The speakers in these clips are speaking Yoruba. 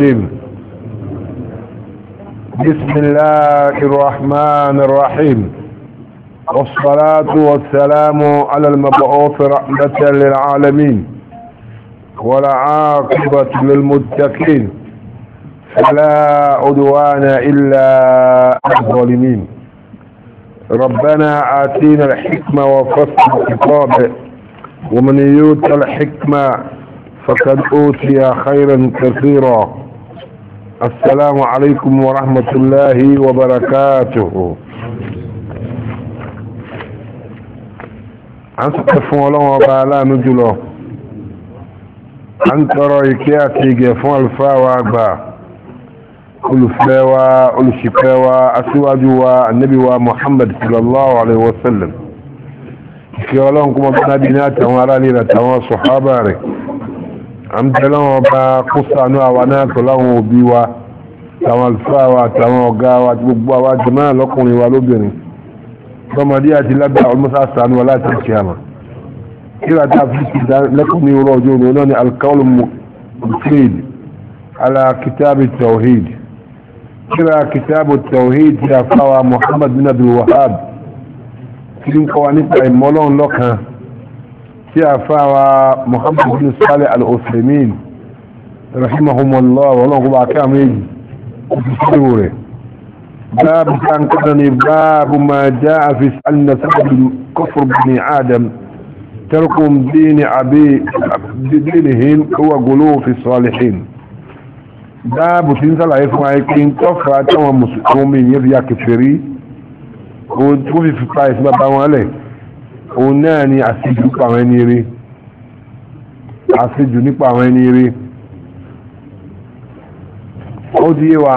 المسلم بسم الله الرحمن الرحيم والصلاة والسلام على المبعوث رحمة للعالمين ولا عاقبة للمتقين فلا عدوان إلا الظالمين ربنا آتينا الحكمة وفصل الخطاب ومن يؤت الحكمة فقد أوتي خيرا كثيرا السلام عليكم ورحمة الله وبركاته عن سقفون الله وبعلا نجله عن ترويكي أتيجيفون الفاوى أكبر olùfẹ́ wa olùṣìpẹ̀ wa aṣíwájú wa annabi wa muhammad sallallahu alaihi wasallam ìfẹ́ ọlọ́run kúmọ̀ bí nábi ní àtàwọn ará lè ràtàwọn sọ̀hábà rẹ̀ àmìtẹ́láwọn ọba kó sànú àwa náà tó láwọn òbí wa tàwọn àlùfáà wa tàwọn ọ̀gá wa àti gbogbo àwa jẹ́mọ́ lọ́kùnrin wa lóbìnrin tọmọdé àti lábẹ́ àwọn mọ́sá sànú wa láti ṣe àmà kíra tá a fi ti dá lẹ́kùnrin rọ ọjọ́ òní náà ni alkaul mufid ala kitabi tawhid kíra kitabu tawhid ti àfáwa muhammad bin abdul wahab kí n kọ́ wa nípa ìmọ́lọ́run tí a fa wa muhammadu bin salih al-usaimin rahimahumullah wa lọ́wọ́ bá ká méjì kúrò síwò rẹ̀ báàbù kan kọ́nà ni báàbù ma já a fi sallina sábàbí kọfùr bin adam tarkun dini abi dinihin kowa gulo fi salihin báàbù tí ń sàlàyé fún aikin tọ́fà táwọn musulmi yẹ́ fi yà kẹfẹ́rí fi fi pa ìsinmi bá òun náà ni àṣejù nípa àwọn ẹni eré àṣejù nípa àwọn ẹni eré ó ti yé wa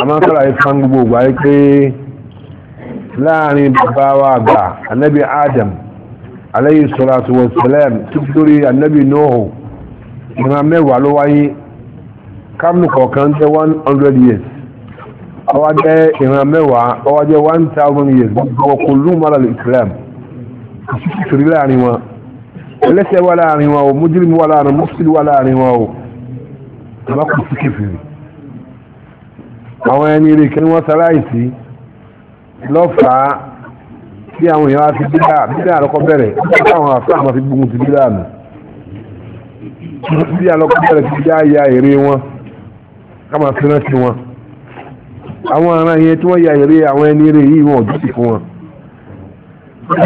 àmọ́sára ìfán gbogbo ògbà yí pé láàrin bàbá wa àgbà anábì adam alayhi salatu wa salam tí lórí anábì nóòhù ìran mẹ́wàá ló wáyé kámù kọ̀ọ̀kan jẹ́ 100 years ọwá jẹ́ ìran mẹ́wàá ọwá jẹ́ 1000 years gbogbo kò lùmọ́lá islam kìtìrì láàrin wọn ẹlẹ́sẹ̀ wà láàrin wọn o mujrim wà láàrin mufsid wà láàrin wọn o ọba kò sí kẹfìrì àwọn ẹni rè kí wọ́n sáláìsí lọ́fàá tí àwọn èèyàn á fi bídà bídà àlọ́kọ́ bẹ̀rẹ̀ bí àwọn àfẹ́ àwọn fi gbógun ti bídà nù bí àlọ́kọ́ bẹ̀rẹ̀ ti já ya èrè wọn ká máa rántí wọn àwọn ará yẹn tí wọ́n ya èrè àwọn ẹni rè yìí wọn ò dúdú fún wọn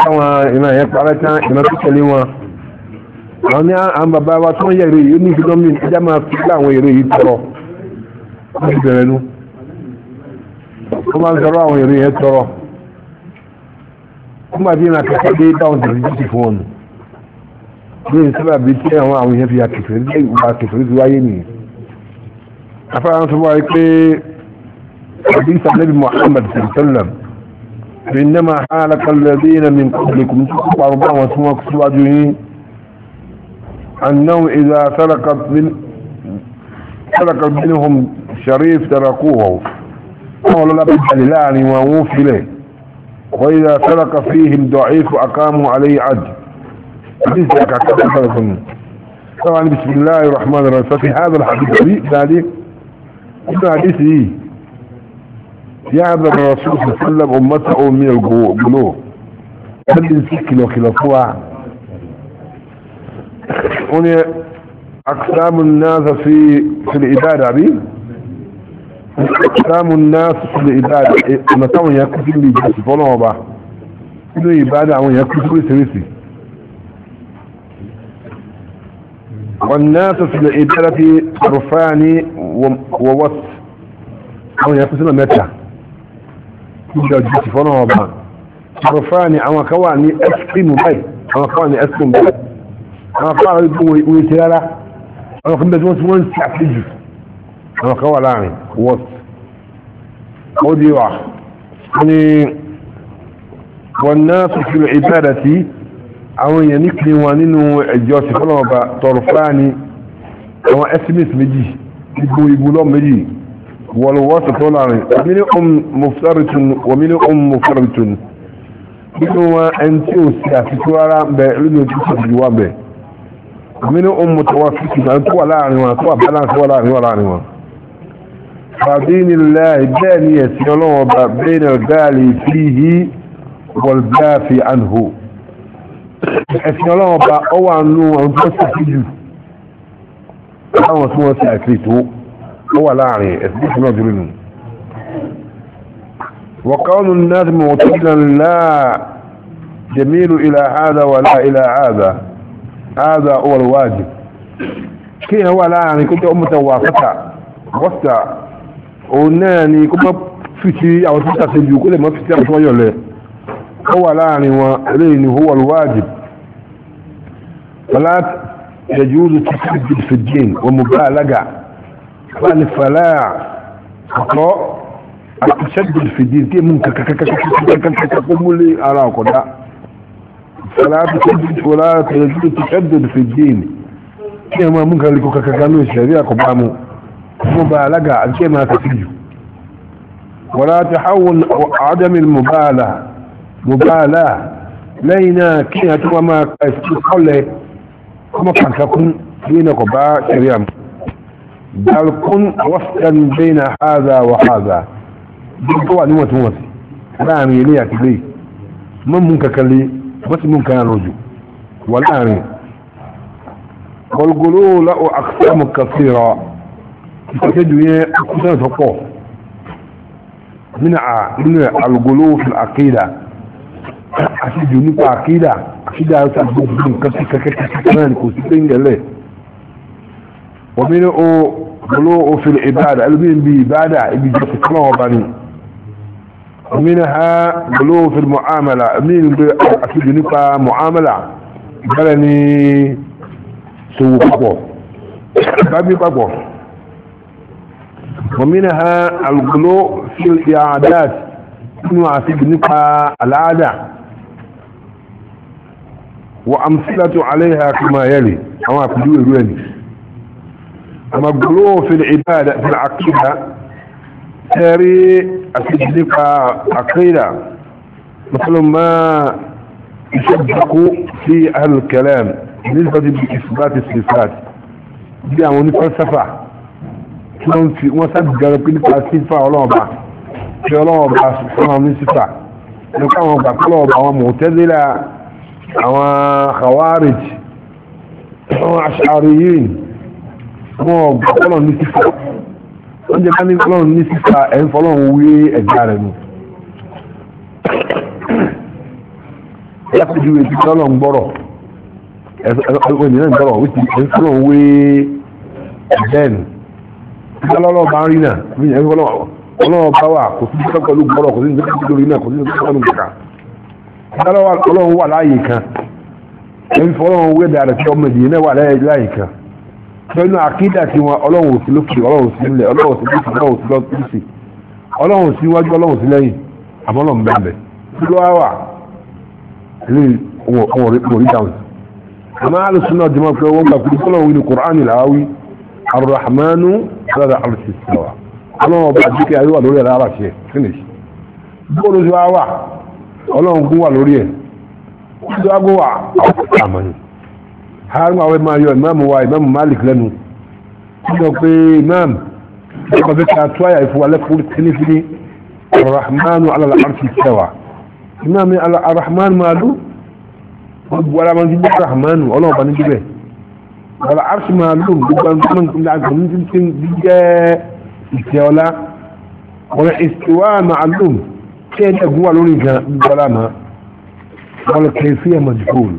àwọn ìran yẹn parẹ́ tán ìran tó tẹ̀lé wọn àwọn ní àwọn bàbá wa tó ń yẹ èrè yìí ní ìfidọ́mì ẹjá máa fi lé àwọn èrè yìí tọrọ wọ́n ti bẹ̀rẹ̀ nu wọ́n máa ń sọ̀rọ̀ àwọn èrè yẹn tọrọ wọ́n máa dín ìrìn àkàkọ́ dé báwọn tẹ̀lé jù sí fún wọn ní ìsábà bí tí àwọn àwọn yẹn fi àkẹfẹ́ ní ìwà àkẹfẹ́ ti wáyé nìyẹn afárá ń sọ wáyé àbí ìsàlẹ́bí Muhammad sallallahu فإنما حالك الذين من قبلكم تقبع ربما سواجه أنه إذا سلكت من سلكت منهم شريف تركوه قالوا لا بد للاني إليه وإذا سلك فيهم ضعيف أقاموا عليه عد طبعا بسم الله الرحمن الرحيم ففي هذا الحديث ذلك الحديث يعبر الرسول صلى الله عليه وسلم أمته من القلوب قد انسكل وخلافها هنا أقسام الناس في في الاباده عبيد أقسام الناس في العبادة متى يكون في الجسد فلو با إنه عبادة وين يكفي في سويسي والناس في الاباده عرفان ووسط أو يكفي سنة متى ìjọ jù ti fọ́nà ọba àrùfáà ni àwọn kan wà ní ẹ́sìkìmù báyìí àwọn kan wà ní ẹ́sìkìmù báyìí àwọn kan wà ní ìwé ti rárá àwọn kan bẹ̀ tí wọ́n ti wọ́n ti àtijù àwọn kan wà láàrin wọ́s ó di wà ní wọn náà tó fi lè ìbára sí àwọn èèyàn nípìn wọn nínú ẹjọ́ ti fọ́nà ọba tọrùfáà ni àwọn ẹ́sìmìs méjì gbogbo igun lọ́ méjì والوسط والعري منهم مفترط ومنهم مفترط منهم انتيو سيافتوارا بلنو تسد جوابه منهم متوسط انتو ولا عني وانتو بلانس ولا عني ولا عني فدين الله دانية سيولوب بين الغالي فيه والبافي عنه سيولوب اوانو انتو سيجو اوانو سيجو ó wà láàrin ẹ̀sìn ìṣúná dúró nù وقول الناس معتدلا لا جميل الى هذا ولا الى هذا هذا هو الواجب kí ẹ wà láàrin kó jẹ́ ọmọta wà fẹ́ta wọ́ta òun náà ni kó mọ́ fìtí àwọn tó tàṣe jù kó lè mọ́ fìtí àwọn tó wáyọ̀ lẹ̀ ó wà láàrin wọn eléyìí ni huwa al wọ́n láti ẹ̀jú ojú ti fi jù fìdíìn wọ́n mú bá alága فالفلاع خطاء التشدد في الدين كي ممكن تقول اراك لا فلا تشدد ولا تشدد في الدين كما ممكن لك كانوا الشريعه قبامو مبالغه كما تفيد ولا تحول عدم المبالغه مبالغه لينا كي تقوم ما قال كما كان تكون دينك با شريعه بل كن وفقا بين هذا وهذا دكتوا ني وتي وتي لا ني لي اكلي من منك كلي بس منك رجو ولا ني والقلو لا اقسام كثيره تجوي اقسام فوق من من القلو في العقيده أشد نقع عقيدة عقيدة أشد نقع عقيدة كمان كنت تنجل ومنه غلوء في العبادة المين بعبادة يجي تكلمه بني ومنها غلوء في المعاملة مين أكيد نبقى معاملة بلني سوء بابو بابي بابو ومنها الغلوء في الإعادات إنه أكيد نبقى العادة وأمثلة عليها كما يلي أما أكيد يلي مقلوب في العبادة في العقيدة تاري أتجلق عقيدة مثل ما يشبك في أهل الكلام نسبة لإثبات الصفات دي عموني فلسفة كلهم في وسط جربين فلسفة ولهم بعض ولهم بعض سبحانه من صفة لو كانوا بعض ولهم بعض معتزلة أو خوارج أو أشعريين wọn ọgbà fọlọ́n ní sísá wọ́n jẹ́ ká ní fọlọ́n ní sísá ẹ̀ ń fọlọ́n wé ẹ̀gbá rẹ̀ nù. lápẹjù etí fọlọ́n gbọ́rọ̀ ẹ̀fọ́n náà gbọ́rọ̀ wípé ẹ̀ ń fọlọ́n wé ẹ̀gbẹ́ nù. sísá lọ́lọ́ bá ń rí náà bí ẹ̀ ń fọlọ́n ọlọ́wọ́ bá wà kò sí sísá pẹ̀lú gbọ́rọ̀ kò sí sísá pẹ̀lú rí náà kò sí sísá pẹ̀lú kàkà. sísá lọ́wọ́ ọlọ́wọ́ wà láàyè kan ẹ̀ ń fọlọ́n wé dàrẹ̀ tí ọmọ ìdíyẹ náà wà láàyè kan pẹ̀lú àkídà tí wọn ọlọ́run sí lókè ọlọ́run sí nílẹ̀ ọlọ́run sí lókè ọlọ́run sí lọ́tùsì ọlọ́run sí wájú ọlọ́run sí lẹ́yìn àmọ́ ọlọ́run bẹ́ẹ̀ bẹ́ẹ̀ tí ló wá wà ilé wọn ò rí dáhùn àmọ́ alùsùn náà jẹmọ́ pé wọ́n gbà pé ọlọ́run ní kùránì làáwí arrahmanu rárá alùsì ọlọ́run ọba àti kíkẹ́ lórí ara ṣe haram àwọn ẹ̀mọ́ ayọ̀ ìmáàmù wa ìmáàmù malik lẹ́nu sọ pé imam ọkọ̀ fẹ́ ká tó àyà ìfowó alẹ́kùnrin tí ní fi ní rahmanu alalarci tẹwa imam ni alrahman maalu wọ́n bu ara wọn gbogbo rahmanu ọlọ́ọ̀bá ní bíbẹ̀ alalarci maalu gbogbo agbọ̀n tí ń jẹ́ ìtẹ́ ọlá wọ́n ìsìwá maalu kí ẹ̀ẹ́dẹ̀gún wà lórí nǹkan gbọ́lá ma wọ́n kẹfì ẹ̀mọ̀ jùlọ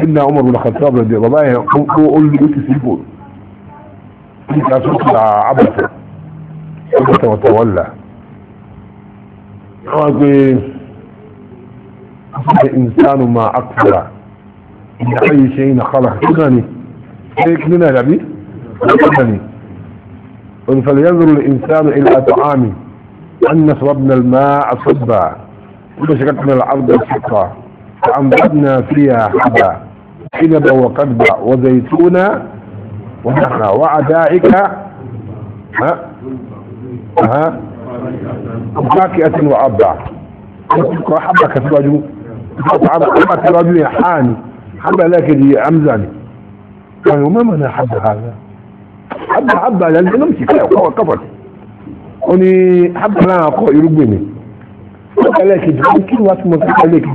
سيدنا عمر بن الخطاب رضي الله عنه قول لي قلت سيبون انت هتطلع عبث عبث وتولى الانسان ما اكثر من اي شيء خلق كدني هيك إيه لنا يا ابي فلينظر الانسان الى طعامه ان شربنا الماء صبا وبشكتنا العرض شقا فأنبتنا فيها حبا حنبا وقدبا وزيتونا ونخا وعدائك ها ها وفاكهة وعبا حبا كتواجو حبا كتواجو يا حاني حبا لكن هي أمزاني قالوا ما معنى حبا هذا حبا حب لأن نمسك له كفر وني حبا لا أقول يربيني لكن لك جوامي كل وقت ما قال لك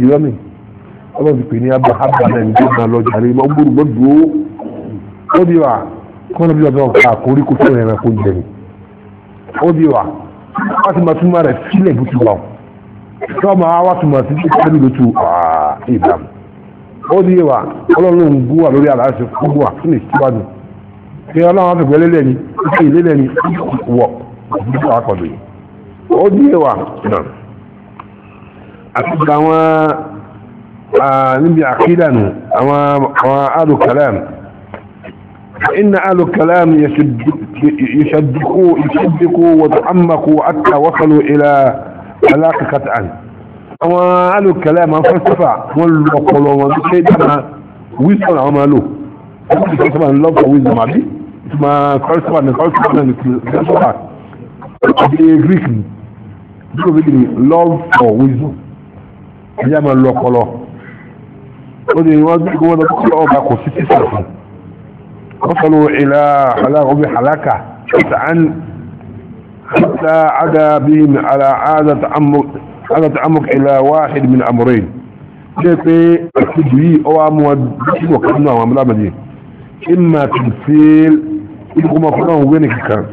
ọlọ́run ti pè ní abba abba náà ní gbogbo àlọ́ jàre mọ́ gbòòrò mọ́ dúró ó di wa kí wọ́n lọ bí ọ̀dọ́ ọ̀ka àkórí kó fún ẹ̀rẹ̀ kó jẹ̀rì ó di wa wọ́n ti máa túmọ̀ rẹ̀ sílẹ̀ bó ti wà ó tí wọ́n máa wá túmọ̀ sí tó kẹ́lú lótú ìbàm ó di wa ọlọ́run ń gbówà lórí àlàáṣẹ gbogbo wa fún ìṣíwájú kí ọlọ́run á gbẹ́lẹ́ lẹ́ni ó fi àti gbà níbi àkídà nù àwọn alùkàlám inna alùkàlám yashaddiku wata ammaku aka wasalu ila alákàkàtà àwọn alùkàlám àwọn fẹ́sífà wọ́n lọ pọ̀lọ̀ wọn tó ṣe dáma wisdom àwọn máa lò wọ́n ti fẹ́sífà ní love for wisdom àbí ma kọ́lísífà ní kọ́lísífà ní kọ́lísífà àbí Greek bí o bí love for wisdom ẹjá máa lọ pọ̀lọ̀ ودي وادي قوة كل أوبا قصي تسرح وصلوا إلى حلاق بحلاكة عن حتى عدا بهم على عادة عمق هذا تعمق إلى واحد من أمرين كيفي تجوي أو مودين وكأنه وعملا مدين إما تمثيل إنكم أفراه وينك كان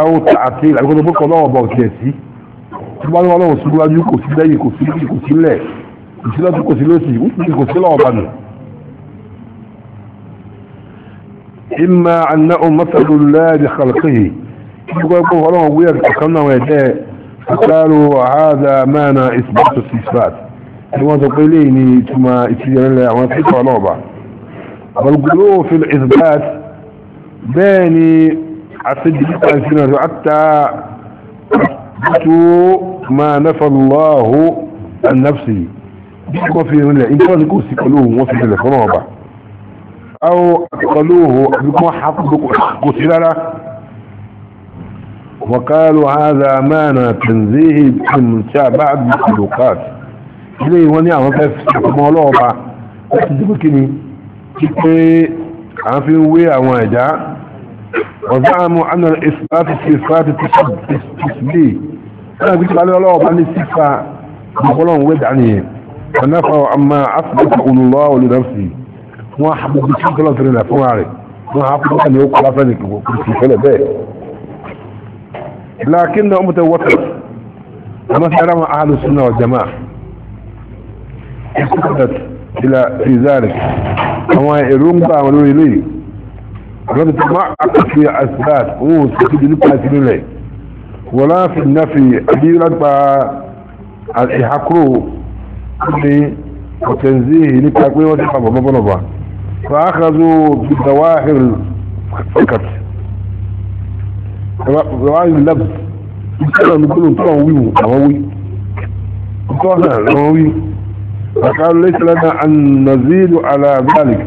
أو تعطيل أقول لك الله أبو كيسي تبعنا الله وصلوا أن يكو سيدي يكو سيدي يكو سيدي الكوسيلة دي الكوسيلوسي وإسم الكوسيلة وبعدها إما أنه مثل الله بخلقه يقول يقول فلوه ويك أخلنا ويداه فقالوا هذا مانا إثبات السفات لما تقوليني ثم إثبات الله وما تحيطه على بعض فالقلوه في الإثبات باني عصدي كأسنا حتى بسوء ما نفى الله عن نفسه bí wọ́n fi rinlẹ̀ ìjọba kò sí pẹ̀lú òun wọ́n fi rinlẹ̀ fọ́nà ọba awo pẹ̀lú òun àbíkọ́ kò sí rárá wakalu haza mana tanzihi tìmùsà bá àbíkọ́ ilé wọn ní àwọn fẹ́ ọmọ ọlọ́ọba láti dìbò kíni pé à ń fi wé àwọn ẹ̀dá وزعموا أن الإثبات الصفات تشبه أنا قلت على الله بأن الصفة يقولون ودعني فنفع عما أثبت أقول الله لنفسي فما حبوك بشيك الله ترينا فما عليك ما حبوك أن يوقع لفنك وكرسي فلا بي لكن أمة الوطن وما سلم أهل السنة والجماعة استقدت إلى في ذلك وما يرنبا ولو يلي رد ما أقل في أثبات أمو سكيد لبعث ولا في النفي أبي رد الإحاكرو ní ọ̀tẹ̀nzí nípa pé wọ́n ti pa bọ̀ mọ́bọ́lọ́bà fàákàzó bìdàwáhìl ọkàt ìwáhìl lab ìkọ́nà ní gbólóhùn tó àwọn wíwù àwọn wí ìkọ́nà àwọn wí àkàrò lẹ́sẹ̀lẹ́ náà an nazilu ala zalik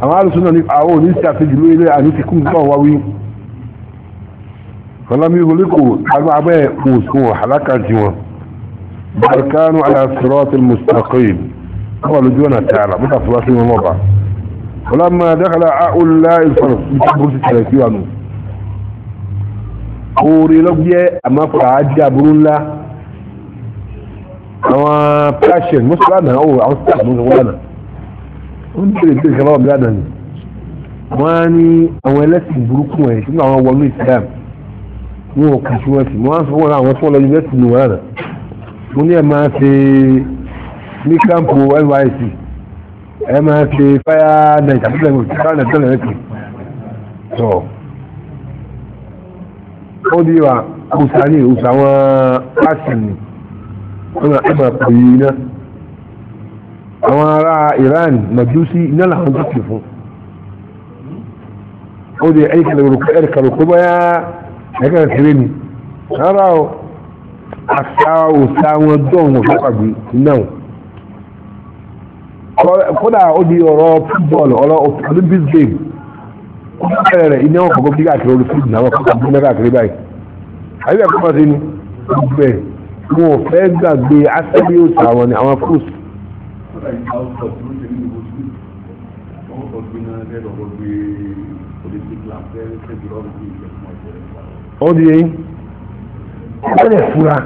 àwọn alùsùn náà ní àwọn òní sí àti jùlọ ilé àti ti kún tó àwọn wí fọlámi ìhòlíkò agbábẹ́ òsùn àlákà jí بل كانوا على الصراط المستقيم هو لجونا تعالى بطا صراط الموضع ولما دخل أقول لا الفرص بطبوس الثلاثي وانو قوري لقيا أما فعاجة أبرون لا أما باشن مسلمة أو عصب مغوانا ونبي لديك الله بلادا واني أولاسي بروكو ويش إلا هو أولي السلام هو كشوة في مواصف ولا مواصف ولا يجب أن mo ní ẹ máa ṣe ní kámpù nysc ẹ máa ṣe fáyà nàìjà tó lẹ́nu fáyà nàìjà tó lẹ́nu tó sọ ó di wa òòsà ní òòsà wọn pàṣẹ ni wọn náà ẹ máa pè é iná àwọn ará Iran Májúsí iná làwọn tó pè fún ó di ẹ̀yìn kẹlẹ̀ ẹ̀rọ kẹlẹ̀ kó ni rárá o àṣà òṣà wọn dọ̀hún òṣèpàgbé náà kódà ó di ọ̀rọ̀ fútbọ́ọ̀lù ọ̀rọ̀ olympic game ó bá bẹ̀rẹ̀ rẹ̀ iná ọkọ̀ gbé káàkiri orí fúdù náà kọ́kọ́ gbé káàkiri báyìí àyíká kọ́kọ́ sí ni gbẹ wọn ò fẹ́ gbàgbé asẹ́bí òṣà wọn ni àwọn kúrò sí. ó di yẹn ìpínlẹ̀ fúra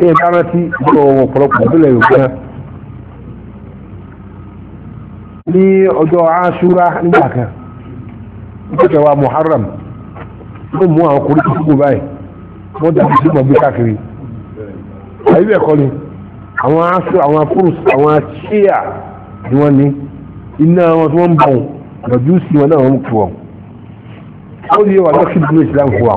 ní ẹ̀ka rántí ìjọ wọn ọ̀pọ̀lọpọ̀ ìpínlẹ̀ yorùbá ní ọjọ́ aṣúra nígbà kan ìpínlẹ̀ wa muharram ló mú àwọn ọkùnrin tó kúkú báyìí wọ́n dàbí sí mọ̀gbé káàkiri àyíbẹ̀ kọ́ ni àwọn aṣọ àwọn akúrùs àwọn ṣíà ni wọ́n ní iná wọn tí wọ́n ń bọ̀ lọ́jú sí wọn náà wọ́n kú wọn ó di wà lọ́kì bí ìsìlámù fún wa.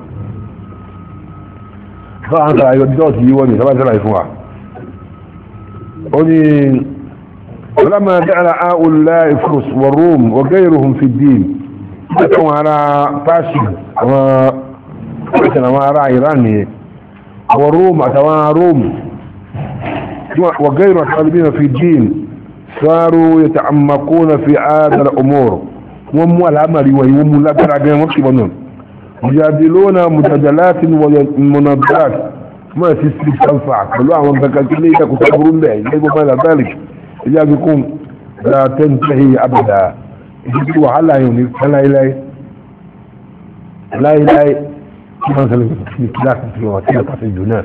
صاحن صاحن يودوت يواني ولما جعل آؤل لا والروم وغيرهم في الدين كنتم على فاشق وما كنتنا ما راع إيراني والروم أتوا روم وغير الطالبين في الدين صاروا يتعمقون في هذا الأمور وموال عملي ويوم لا ترى بين مكتبنون yàdìlónà mùtàjàláàtì mọ̀nàbíláàtì mọ́ sí sí sàǹfà pẹ̀lú àwọn kankan tí léyìn kò sábúrú mbẹ̀ ilé gbogbo ẹ̀dà dálì ìyá fi kún látẹ́n tẹ́hì abàdà ìdí tí wàhálà yìí ní láíláí láíláí tí wọ́n sẹ́lẹ̀ ní kíláàsì tí wọ́n ti lọ́pàá sí jù náà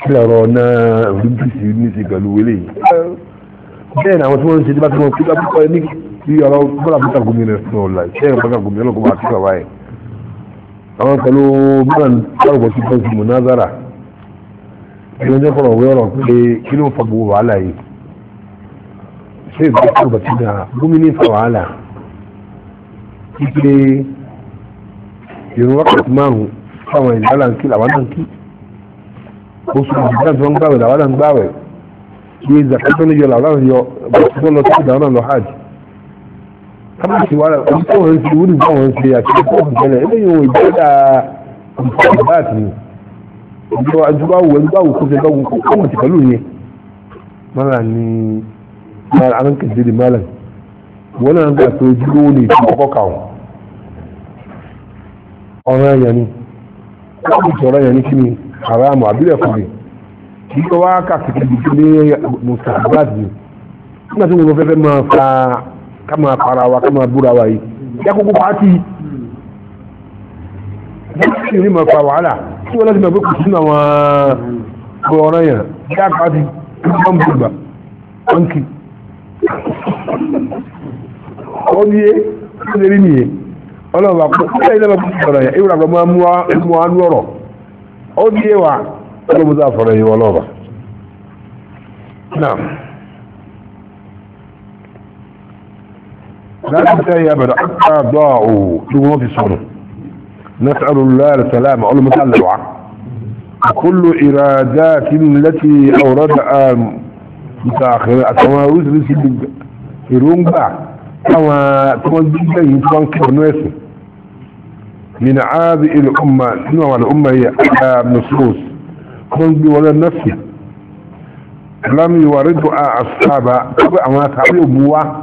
kí lọ́rọ̀ náà rúbìsì ní sí pẹ̀lú wẹ́lẹ̀ bẹ́ẹ̀ ni àwọn tí wọ́n ń ṣe tí bá ti mọ̀ kí àwọn pẹ̀lú bíran lárúkọ tí pẹ̀lú mọ̀názàrà ìlú ọjọ́ kọ̀rọ̀ wẹ́ ọ̀rọ̀ pé kí ló ń fa gbogbo wàhálà yìí ṣé ìgbà lárúkọ tí dáa gómìnà fa wàhálà wípé ìrún wákàtí márùn fáwọn ìlú àlà ń kí làwọn náà ń kí oṣù ìgbà tí wọ́n ń gbàwẹ̀ làwọn náà ń gbàwẹ̀ iye ìzàkátọ́ níjọ làwọn náà yọ bàtí wọ́n lọ sí ìdáwọn náà lọ hajj kama ti wara ko ko ran ti wuri ko ran ti ati ko ran tele ele yo ibada ibadat ni jo ajuba wo ajuba wo ko ga ko ko mo ti pẹ̀lú ni mala ni mala an ke dili mala wala an ga to ju ni ti ko ka o ọ̀rọ̀ ẹ̀yàn ni láti sọ̀rọ̀ ẹ̀yàn ní kí ni haramu àbílẹ̀ fún mi kí ló wá kàkiri ní mustapha bàtì nígbà tí mo fẹ́ fẹ́ máa fa Kama máa para wa ká máa búra wa yìí yàkókò pàtì yìí wahala máa fa wàhálà tí wọ́n láti máa gbé ya sínú àwọn ọ̀rọ̀ yẹn yá pàtì wọ́n bú ìgbà wọ́n kì ó ní yé ó lè rí nìyẹn ọlọ́wà kó kí wa لا تنتهي أبدا حتى ضاعوا شوفوا في صدر نسأل الله السلامة أقول متلوعة كل إرادات التي أوردها متأخرة التواوز لسي الرنبع أما تنزل لي تنكر ناسي من عاد الأمة نوع الأمة هي نصوص كنت ولا نفسي لم يوردها أصحابها طبعا ما تعلموها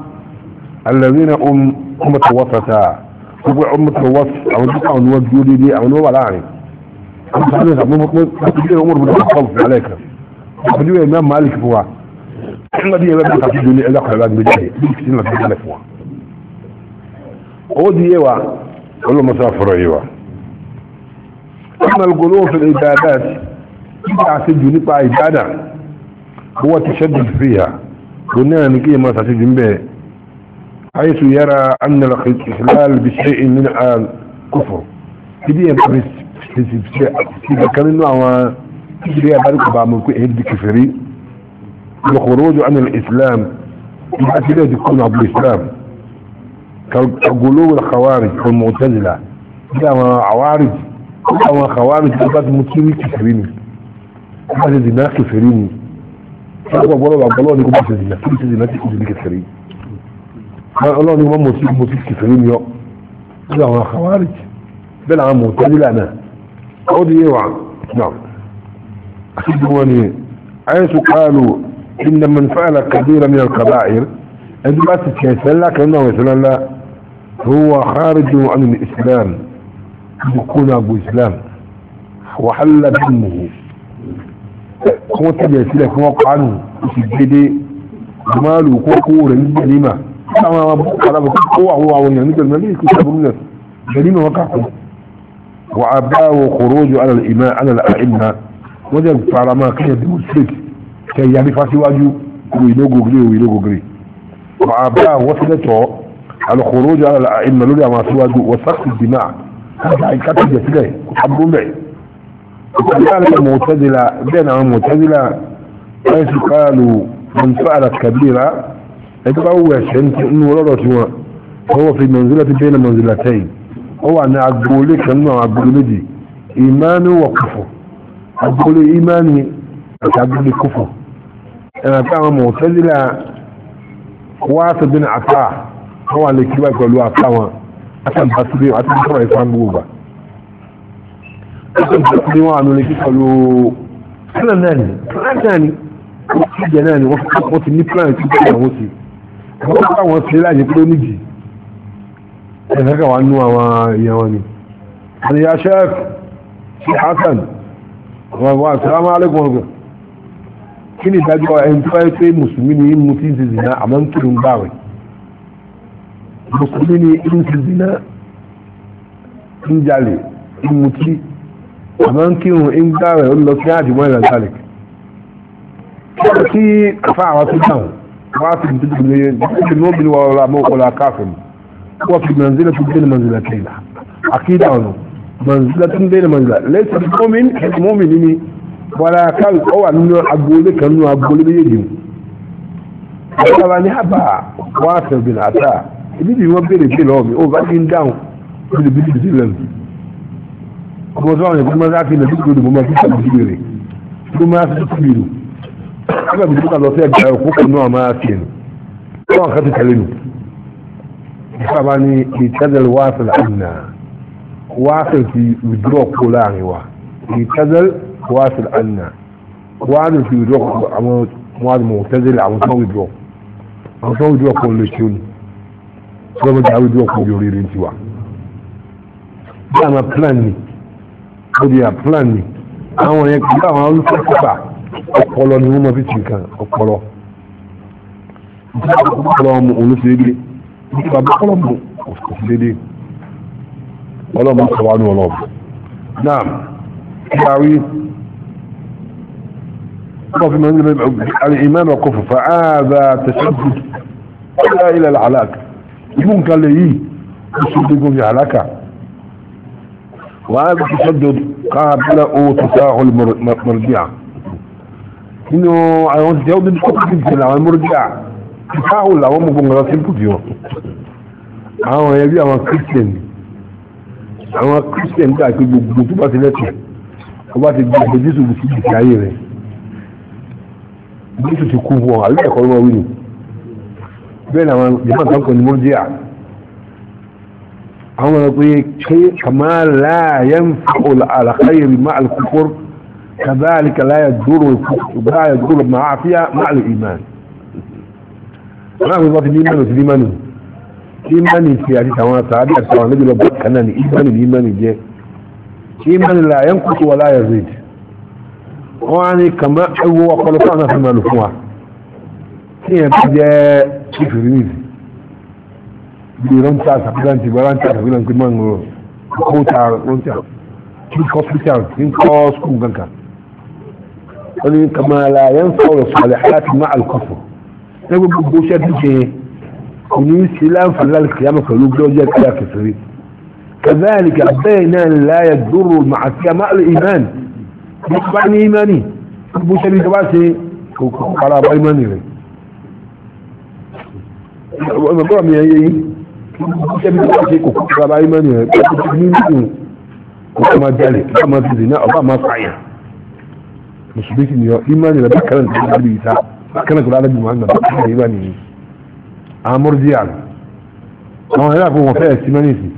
الذين هم هم توسطا gbogbo ọmọ tó wọ́n àwọn tó kàwọn níwọ́n dúró déédéé àwọn níwọ́n wà láàrin àwọn tó sáré sàmúmọ́ pé àpèjúwe ọmọ òrùn náà kọ́ fún alẹ́ kan àpèjúwe ẹ̀mí malik fún wa ẹ̀mí ọdún yẹn bá kàtó dùn ní ẹ̀dá kan láti méjì ẹ̀ bí kìí náà tó dálẹ̀ fún wa. ó di yé wa ọlọ́mọsá fọ̀rọ̀ yé wa. ọmọ ìgbòho ló ń fẹ́ ìdáadáa nípa àṣejù nípa ìdáadáa حيث يرى أن الإخلال بشيء من الكفر كده يبقى بشيء كان إنه هو كده يبقى لك بعملكم هد كفري الخروج عن الإسلام يبقى كده يكون عبد الإسلام كالقلوب الخوارج والمعتزلة كده هو عوارج كده هو خوارج بس مكيري كفريني هذا دماغ كفريني فهو بقول عبد الله لكم بس دماغ كفريني قال الله لي امام مسيح مسيح كسرين يو قال هو خوارج بالعمو تقول لي انا قال لي ايه وعم نعم اخي دواني عيسو قالوا ان من فعل كبيرة من الكبائر انت ما تتكيس لك انه يسال الله هو خارج عن الاسلام يكون ابو اسلام وحل دمه هو تجي يسلك موقعا في الجدي جماله وكوكو رنجي دليل وقعكم وخروج على الإماء على الأئمة وجد فعلا ما مسلك كي يعني فاسي واجو ويلوغو غري ويلوغو غري وعباء وصلته على خروج على الأئمة لولي ما سواجو وسقط الدماء هذا عين كاتب جسده وحبون بي وكذلك المعتدلة بينهم المعتدلة قيس قالوا من فعلت كبيرة ẹgbẹ́ bá wù ẹ̀ṣẹ̀ nínú ọlọ́rọ̀ tí wọn ọwọ́ fi mọ̀nzílẹ̀ ti bẹ́ẹ̀ mọ̀nzílẹ̀ tẹ́yìn ó wà ní agboolé kan nínú àwọn agboolé méjì ìmánu wọ̀ kùfù agboolé ìmánu àti agboolé kùfù ẹ̀rọ àti àwọn ọmọ òtẹ́sílẹ̀ wá sọ́dọ̀ ní àtà wọn wà lè kíwá pẹ̀lú àtà wọn àtàǹtàṣírí àtàǹtàṣírí ìfà gbogbo bá àtàǹtàṣírí wọn àmì lè kí pẹ̀lú kílẹ̀ náà ni kílẹ̀ náà ni wọ́n ti ní pílánì tó bẹ̀rẹ̀ àwọn sí i wọ́n bá wọn sí láyé pé ó níjì ẹ̀fẹ́kà wà nú àwọn èèyàn wọn ni àníyà sẹ́ẹ̀f sí Hassan wọ́n sàrámà alẹ́kùn ọgbọ̀n kí ni ìdájọ́ ẹni tó ẹ́ pé mùsùlùmí ni mú tí ń ti zìnà àmọ́ ń kírun gbààwẹ̀ mùsùlùmí ni ń ti zìnà ń jalè ń mutí àmọ́ ń kírun ń gbààwẹ̀ ó lọ sí àjùmọ́ ìrìnàjálẹ̀ kí kí àfa àwọn tó dáhùn قاتل المؤمن ولا ولا كافر وفي منزلة بين منزلتين عقيدة عنه منزلة بين منزلة ليس المؤمن المؤمن ولا كان هو أنه أقول لك أنه أقول لي يجب طبعا هبا واسر بن عطاء يجب يوبر في الهومي أو بعدين داون في البيت في الهومي وزوان يقول ما ذاك النبي يقول ما في تكبيري وما في تكبيري kábẹ̀ bí dúkà lọ sí ẹgbẹ̀ òkúkú náà máa fi ẹnu wọ́n kan ti tẹ̀lé nù ìfàbá ní ìtẹ́dẹ̀l wáṣẹ̀ àmìnà wáṣẹ̀ ti wìdúrọ̀ kó láàrin wa ìtẹ́dẹ̀l wáṣẹ̀ àmìnà wáṣẹ̀ ti wìdúrọ̀ kó àwọn mọ́àdùmọ̀ tẹ́dẹ̀l àwọn tó wìdúrọ̀ àwọn tó wìdúrọ̀ kó lè ṣe òní gbọ́dọ̀ jà wìdúrọ̀ kó yọrí rí tiwa bí àwọn plan ni ó di plan ni àwọn yẹn kí àwọn olùfẹ́ ọpọlọ ni wọ́n máa fi tìǹkà ọpọlọ ọpọlọ ọmọ òun ló ṣe dédé nípa ọpọlọ ọmọ òun ṣe dédé ọlọ́mọ sọ wá ní ọlọ́mọ náà kíláwí wọ́n fi máa ń gbé alìmọ́ ọkọ̀ fòfà áàbà tẹ̀síọ́dù ọ̀dà ilẹ̀ làlákà ibú nǹkan lè yí oṣù dégun fi àlákà wàá tẹ̀síọ́dù káàbílà owó tẹ̀síọ́dù mọ̀rọ̀díà nínú àwọn jẹ́ ó bí kọ́kí jẹ́ àwọn mọ́rọ́díà káàkùn làwọn mọ̀ gbọ́ngàn símpù jù wọn àwọn ẹbí àwọn christian àwọn christian dà pé gbogbo tó bá ti lẹ́tọ̀ tó bá ti gbogbo jésù kù sí ìgbésí ayé rẹ̀ jésù ti kú wọn àbí ẹ̀kọ́ lọ́wọ́ wíyù bẹ́ẹ̀ ni àwọn jẹ́mọ̀ tó ń kọ́ ní mọ́rọ́díà àwọn ẹgbẹ́ kí kàmáà láàyè ń كذلك لا يدور لا يدور مع فيها مع الإيمان láàrin wọ́n ti ní ìmánu sí ìmánu ìmánu ti àti tàwọn sàádì àti tàwọn méjì lọ́gbọ́n kan náà ni ìmánu ní ìmánu jẹ́ ìmánu là yẹn kúkú wà láyé rèd wọ́n á ní kàmá ewu ọpọlọ fún àwọn afẹ́mà lò fún wa tí yẹn ti jẹ́ ìfìrìnì bí rọ́ńtà sàkúrẹ́ǹtì bá rọ́ńtà sàkúrẹ́ǹtì máa ń rò kó ta rọ́ńtà kí kọ́ pítà kí kọ́ skul kankan ولي كما لا ينفع الصالحات مع الكفر يقول بوشة بجيه كنين سلام فلا القيامة فلوك جوجة كلا كسرين كذلك بينا لا يدر مع السماء الإيمان بقبعني إيماني بوشة بجباسي وقرى بإيماني لي وما برم يا يي بوشة بجباسي وقرى بإيماني لي وما ذلك وما تزيناء وما صعيه musulmi sì ni ọ imani rẹ bákanáà tó dábì ìta bákanáà tó dábì muhammed bákanáà yìí bá nìyí amúrúdíà àwọn ẹ̀rọ àfọwọ́n fẹ́ẹ̀ sí mẹ́rin sí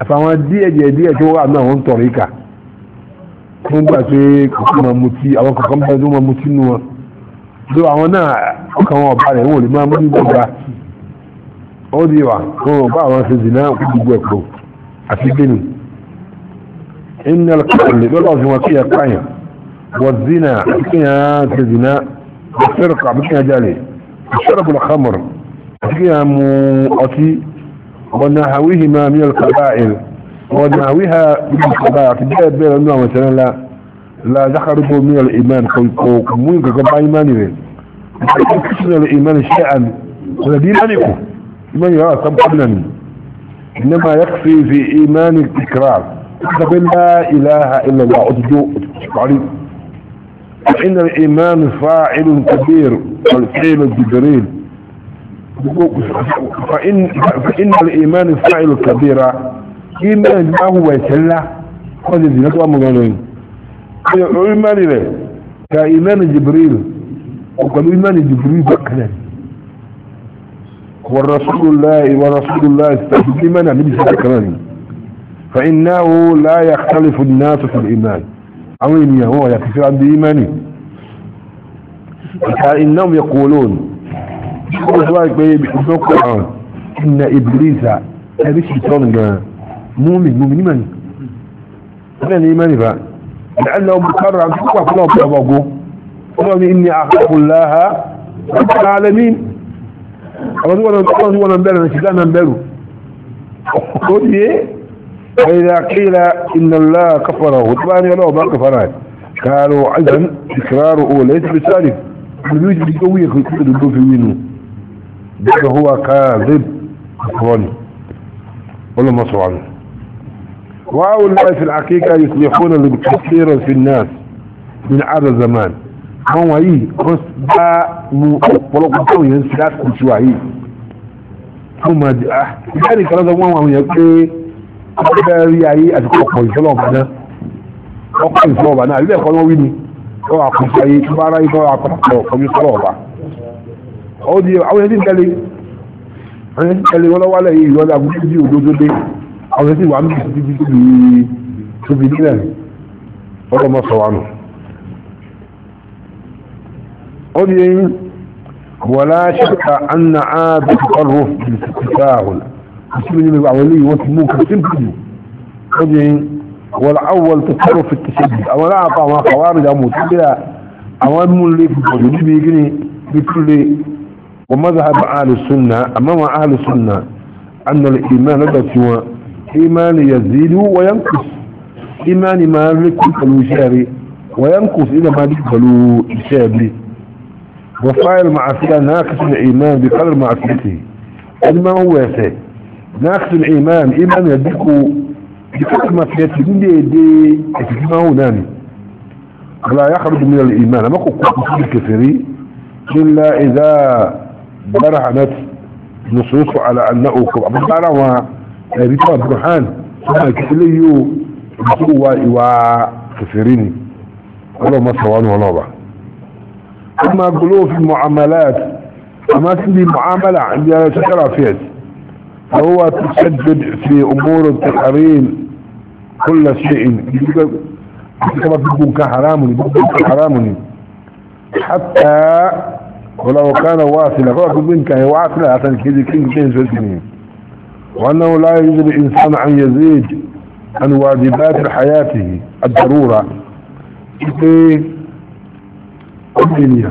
àfàwọn díẹ̀ díẹ̀ díẹ̀ tó wà náà wọ́n ń tọ̀rọ̀ ìkà tó ń gbà pé kòkó máa mutí àwọn kòkó máa tó máa mutí nù wọn tó àwọn náà ọkàn wọn ọba rẹ̀ wọn ò lè máa mú nígbà gba ó di wà wọn ò bá àwọn ṣe dì náà kó gbogbo ẹ̀kọ́ àti gbẹ̀nu ìnnà lọ́lọ́ọ̀sìn wọn kí ẹ pààyàn والزنا حكيها تزنا والسرقة بكيها جالي الشرب الخمر حكيها مؤتي ونحويهما من القبائل ونحويها من القبائل تجاه بين النوع مثلا لا لا تخرجوا من الإيمان وكمون كبا إيمان إذن كسنا الإيمان شيئا ولدين عليكم إيمان يرى سب قبلني إنما يكفي في إيمان التكرار تقول لا إله إلا الله أتجو أتجو فإن الإيمان فاعل كبير والفعل جبريل فإن, فإن الإيمان فاعل كبير إيمان ما هو يتلى هذا الذي نتوى مغانين إيمان كإيمان جبريل وقال إيمان جبريل بكنا والرسول الله ورسول الله استخدمنا نبي سبكراني فإنه لا يختلف الناس في الإيمان عظيمية هو يكفي عن دي إيماني فإنهم يقولون إن إبليس أبيش يتران مؤمن مؤمن إيماني مؤمن إيماني فأ لأنه مكرر عن فكرة فلاهم في أبوكو قالوا إني أخاف الله رب العالمين رضوانا رضوانا مبارنا شدانا مبارو قلت إيه فإذا قيل إن الله كفره طبعا يلوه ما كفره قالوا عزم إكراره ليس بسالف البيوت بجوية كل دلو في منه بل هو كاذب أخواني والله ما سوى وهؤلاء في الحقيقة يصلحون كثيرا في الناس من عرض الزمان هو هي قص باء قصوا ينسلات كل شوية آه. ثم ذلك هذا هو يقول bẹ́ẹ̀ rí ayé àti ọkọ̀ ìfọ́lọ̀ ọ̀bàdá ọkọ̀ ìfọ́lọ̀ ọ̀bà náà ilé ẹ̀kọ́ wọn wí ni ọ àkùnfà ayé tó bá ráyé kọ́ àpapọ̀ ọmọ ìfọ́lọ̀ ọ̀bà ó di àwọn ẹni tẹ́lẹ̀ ẹni tẹ́lẹ̀ wọn lọ́wọ́ lẹ́yìn ìlú ọ̀dà gbogbo bí òdodo dé àwọn ẹni wà mí títí tóbi tóbi nílẹ̀ ọ̀dọ̀ ó di wọlá ṣẹ́ka anna ábẹ̀ مسلمين من الأولي وسموه كثير جدا خذين والأول تصرف التشدد لا أعطى ما خوارج أموت بلا أوام اللي في بيجني بكل ومذهب أهل السنة أمام أهل السنة أن الإيمان لدى سوى إيمان يزيد وينقص إيمان ما لكم الوشاري وينقص إذا ما لكم الوشاري وفاعل معصية ناقص الإيمان بقدر معصيته الماء هو يسير ناقص الإيمان إيمان يديكو بفكر ما في يتدين دي دي اتجمعه ناني لا يخرج من الإيمان ما قلت الكفري إلا إذا برهنت نصوص على أنه كبر أبو تعالى ما ريتوا برهان ثم كليو بسوى إيواء كفريني ولو ما سوانو ولا با أما قلوه في المعاملات أما تدي معاملة عندي أنا شكرا فيها فهو تسجد في امور التحريم كل شيء كما تكون كحرام حرام حتى ولو كان واصلا فهو تكون كواصلا عشان كذا كذا كذا وانه لا يجب الانسان ان يزيد عن واجبات حياته الضرورة في الدنيا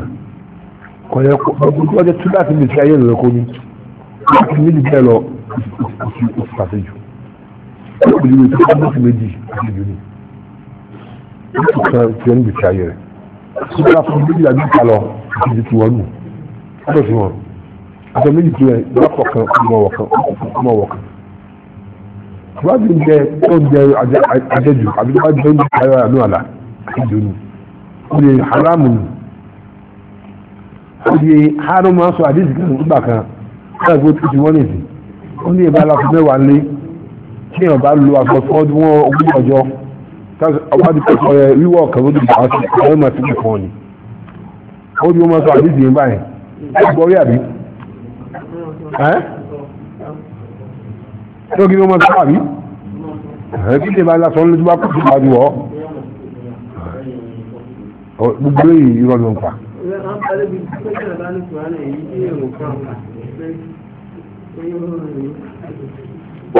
ويقول وجدت ثلاث من سعيين لكم لكن من kò sí àtẹjù ọkùnrin yìí tó bá bọ́sì méjì àtẹjù ni wọ́n ti sọ ti ẹni gbèsè ayé rẹ̀ wọ́n bá fún méjì àbí ìkàlọ̀ àti ti wọ́n nù wọ́n bẹ̀ sí wọn àti méjì tó yẹ bá pọ̀ kan ọmọ wọ̀ kan ọmọ wọ̀ kan wọ́n ti jẹ oúnjẹ àtẹjù àbí wọ́n jẹ oúnjẹ ayọ̀ àánú àlà àtẹjù ni wọ́n yẹ haramu ni wọ́n yẹ haramu aṣọ àdéhùn kan nígbà kan láti wọ́n ti wọ́n nìyí ó ní ìbá aláfọ mẹ́wàá lé kí èèyàn bá lo aṣọ tí wọ́n wọ́n ogún ọjọ́ ọba ti pẹ̀sọ̀ rẹ wíwọ́ ọ̀kan ló dìbò àwọn ti àwọn ọmọ sílẹ̀ fún ọ ni ó ní wọ́n sọ àdéhùn yìí báyìí ẹ gbọ́ rí àbí ẹ́ tó kí ni wọ́n sọ àbí ẹ̀ kí ìbá aláfọ ń lójú bá kú sí ìbájú wọ́ gbogbo èyí rọ̀ ló ń pa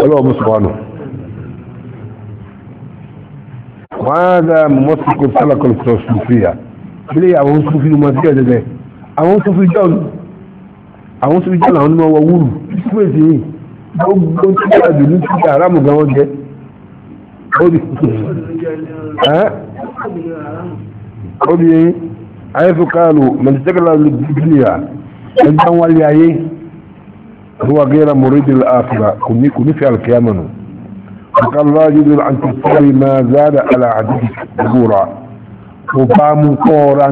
ọlọ́wọ́ mùsùlùmánù wàhálà mọ́sùlùmí sálàkọlù sọ̀sùfìyà bílẹ̀ àwọn sùfì ní mọ́sùlùmí ẹ̀dẹ̀dẹ̀ àwọn sùfì jọ́n àwọn sùfì jọ́n àwọn onímọ̀ wọ́wúrù fúwèsì yìí gbogbo tí wọ́n dùn ní sùfì àràmù gan wọ́n jẹ́ ó di ó di ayé fúkàlù lè dúdú هو غير مريد الآخرة كني كني في فقال وقال راجل عن تبطري ما زاد على عددك بقورا وقام قورا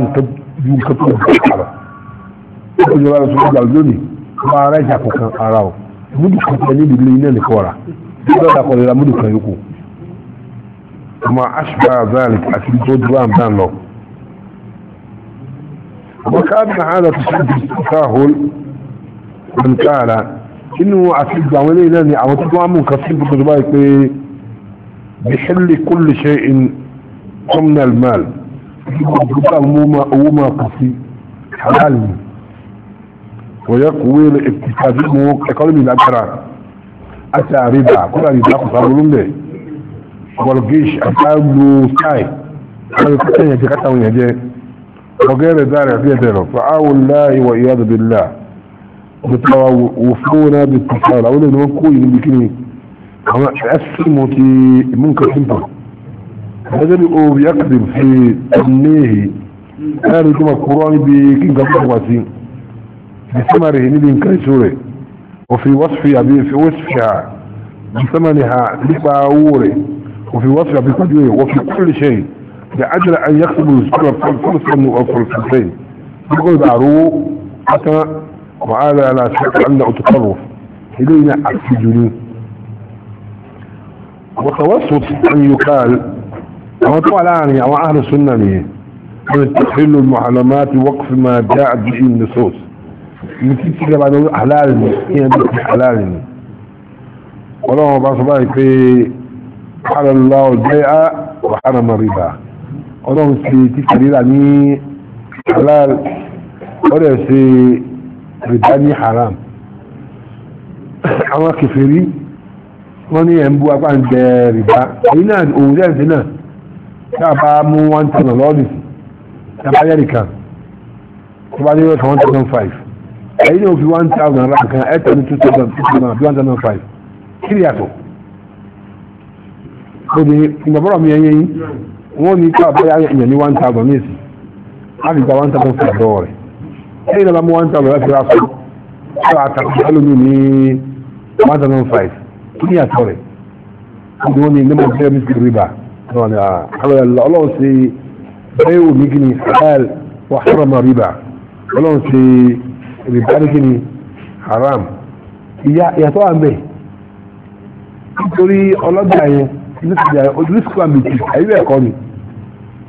يكتب بحرة وقال رسول الله الجني ما رجع فكان أراو مدك kutani bilina ni kora dada ko مدك mudu وما أشبع ذلك أكيد zalik akin jodwan dan وكان هذا تشد التساهل من قال إنه أسجد عملي لاني عوضت وعمو كثير بقضبائي بحل كل شيء قمنا المال وما قصي حلال ويقوي الاكتساب اقلمي الأجرى أتى ربا كل ربا قصارون به والجيش أتى ساي قال كتن يجي كتن يجي وغير ذلك في ذلك فعاو الله وإياذ بالله متوفون بالتفاعل أولا هو كوي من بكيني أما أسلموا موتي منكر حمته هذا اللي هو بيقدم في تنيه كان يتم القرآن بكين قبل الواسين بثمره نبين كيسوري سوري وفي وصفها في وصفها بثمنها لباوري وفي وصفها بقدره وفي كل شيء لأجل أن يكتب السلف الفلسطين والفلسطين يقول بعروه حتى وعلى لا شك أنه تطرف إلينا أكسجني وتوسط أن يقال أو طلعني أو أهل السنة من التحلل المحرمات وقف ما جاءت به النصوص نتيجة بعد حلال حلال ولو بعض ذلك حل الله البيع وحرم الربا ولو في تكرير يعني حلال ولا في rìbá ní haram àwọn kèfèrí wọ́n ní ẹ̀mbú apá ń jẹ rìbá èyí náà òun jẹ́ ìdí náà táàbá mú 1000 lọ́ọ̀dì tábá yẹ́rì kan tó bá ní ọ̀tọ̀ 1005 èyí náà fi 1000 ra kan ẹ̀tọ́ ní 2000 2005 kí ni yàtọ̀ lóde ìgbàbọ́rọ̀ mi ẹ̀yẹ yìí wọ́n ní táàbá yẹ́rì kan ní 1000 ní èsì láti gba 1005 lọ́wọ́ ẹ̀yìn náà bá mú one thousand láti ra fún ọ àtàkùn alómi ní one thousand five kí ni àtọ rẹ̀ kí ni wọ́n ní nígbà tí ẹ̀mí sí rìbá ọlọ́run ṣe bẹ́ẹ̀ omi kí ni halal wà haram rìbá ọlọ́run ṣe rìbá kí ni haram ìyàtọ̀ àmì nítorí ọlọ́gbà yẹn nítorí ojú ìsìnkú àmì ìtì àyíbẹ̀ ẹ̀kọ́ ni.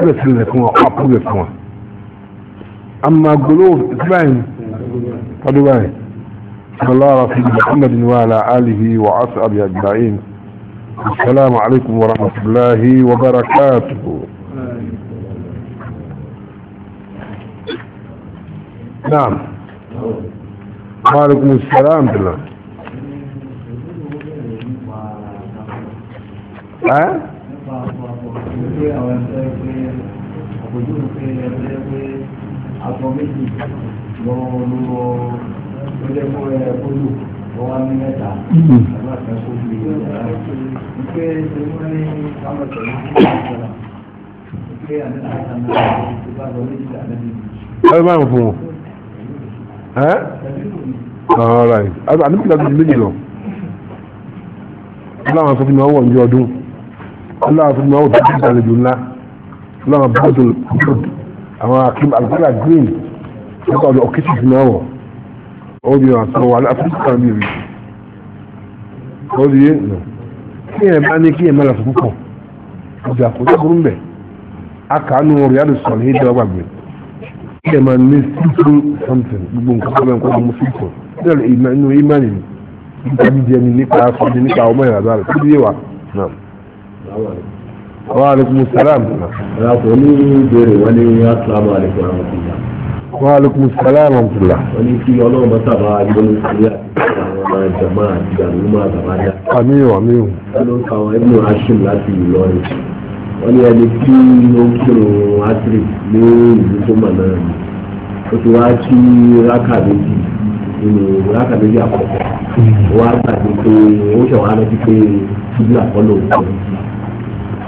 قلت لكم وقفوا اما قلوب اتباين فدباين الله رسول محمد وعلى آله وعصر أجمعين السلام عليكم ورحمة الله وبركاته نعم وعليكم السلام بالله ها؟ pé àwọn ẹgbẹ́ pé àpòjú pé ẹgbẹ́ pé aṣọ méjì lọ́wọ́ lọ́wọ́ tó jẹ́ kó ẹ kólù wọ́n wá ní mẹ́ta aláṣẹ kó fi ṣe wọ́n ní káwọn tẹ̀lé ní ìjọba pé àdéhùn àtàná ìjọba lọ méjì àdéhùn. ẹ máa ń fún wọn. ẹ all right àdéhùn àti méjì wọ̀ ní ọdún aláwọ̀ tó máa wò tó ti àlejò ńlá láwọn bọ́ọ̀dù àwọn akim alkala green nípa ọ̀dọ̀ ọ̀kẹ́sì ti máa wọ̀ ó di àwọn àtọwọ̀ aláfíríkà mi rí ó di yé nù kí ẹ̀ bá ní kí ẹ̀ má lọ fún pọ̀ ọjà kò tó burú mbẹ̀ akànú rẹ̀ yàtọ̀ sọ̀rọ̀ yìí dẹ́wọ́ gbàgbé kí ẹ̀ máa ní sísun something gbogbo nǹkan tó bá ń kọ́ ọmọ sísun nílẹ̀ ìmọ̀ inú ìmọ̀ nìyí nípa jíjẹ ni nípa ọmọ ìrànlọ́rẹ̀ tó di yé wa náà wa alaikum salam ra ko ni bere wani assalamu alaikum warahmatullah wa alaikum salam warahmatullah wani ki Ọlọ́run ba ta ba ibo ni ya ma jama da ruma da bada amiyo amiyo Ọlọ́run ka wa ibnu hashim láti Ìlọrin wọ́n ní ẹni tí ó ń kírun atri ní ìlú tó mọ̀ náà ni ó ti wá kí rákà méjì nínú rákà méjì àkọ́kọ́ wọ́n á gbàgbé pé ó ṣẹ̀wá rántí pé kíbílà kọ́ lòun kọ́ lòun